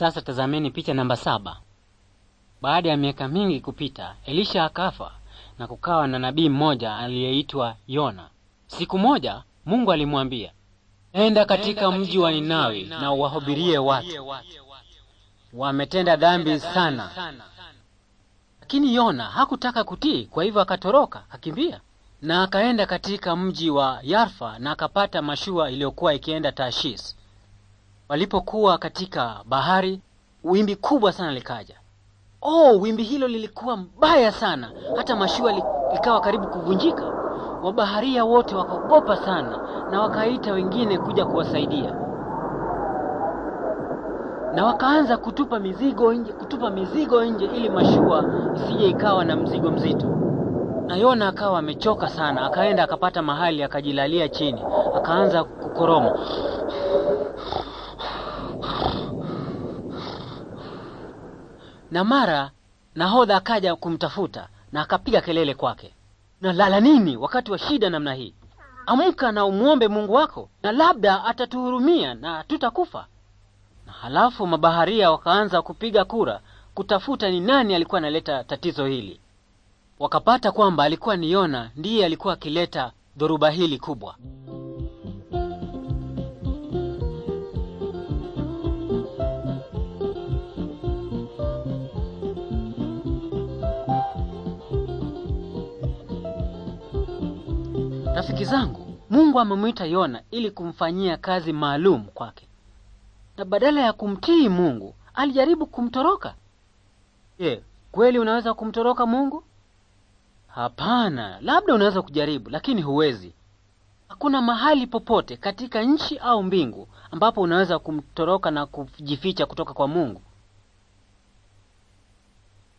Sasa tazameni picha namba saba. Baada ya miaka mingi kupita, Elisha akafa na kukawa na nabii mmoja aliyeitwa Yona. Siku moja Mungu alimwambia, enda katika mji wa Ninawi na uwahubirie watu, wametenda dhambi sana. Lakini Yona hakutaka kutii, kwa hivyo akatoroka, akimbia na akaenda katika mji wa Yarfa na akapata mashua iliyokuwa ikienda tashis Walipokuwa katika bahari, wimbi kubwa sana likaja. Oh, wimbi hilo lilikuwa mbaya sana, hata mashua likawa karibu kuvunjika. Wabaharia wote wakaogopa sana, na wakaita wengine kuja kuwasaidia, na wakaanza kutupa mizigo nje, kutupa mizigo nje ili mashua isije ikawa na mzigo mzito. Na Yona akawa amechoka sana, akaenda akapata mahali akajilalia chini, akaanza kukoroma. na mara nahodha akaja kumtafuta na akapiga kelele kwake, na lala nini wakati wa shida namna hii? Amka na umwombe Mungu wako, na labda atatuhurumia na tutakufa. Na halafu mabaharia wakaanza kupiga kura kutafuta ni nani alikuwa analeta tatizo hili. Wakapata kwamba alikuwa ni Yona ndiye alikuwa akileta dhoruba hili kubwa. Rafiki zangu, Mungu amemwita Yona ili kumfanyia kazi maalum kwake, na badala ya kumtii Mungu alijaribu kumtoroka. Je, kweli unaweza kumtoroka Mungu? Hapana, labda unaweza kujaribu, lakini huwezi. Hakuna mahali popote katika nchi au mbingu ambapo unaweza kumtoroka na kujificha kutoka kwa Mungu.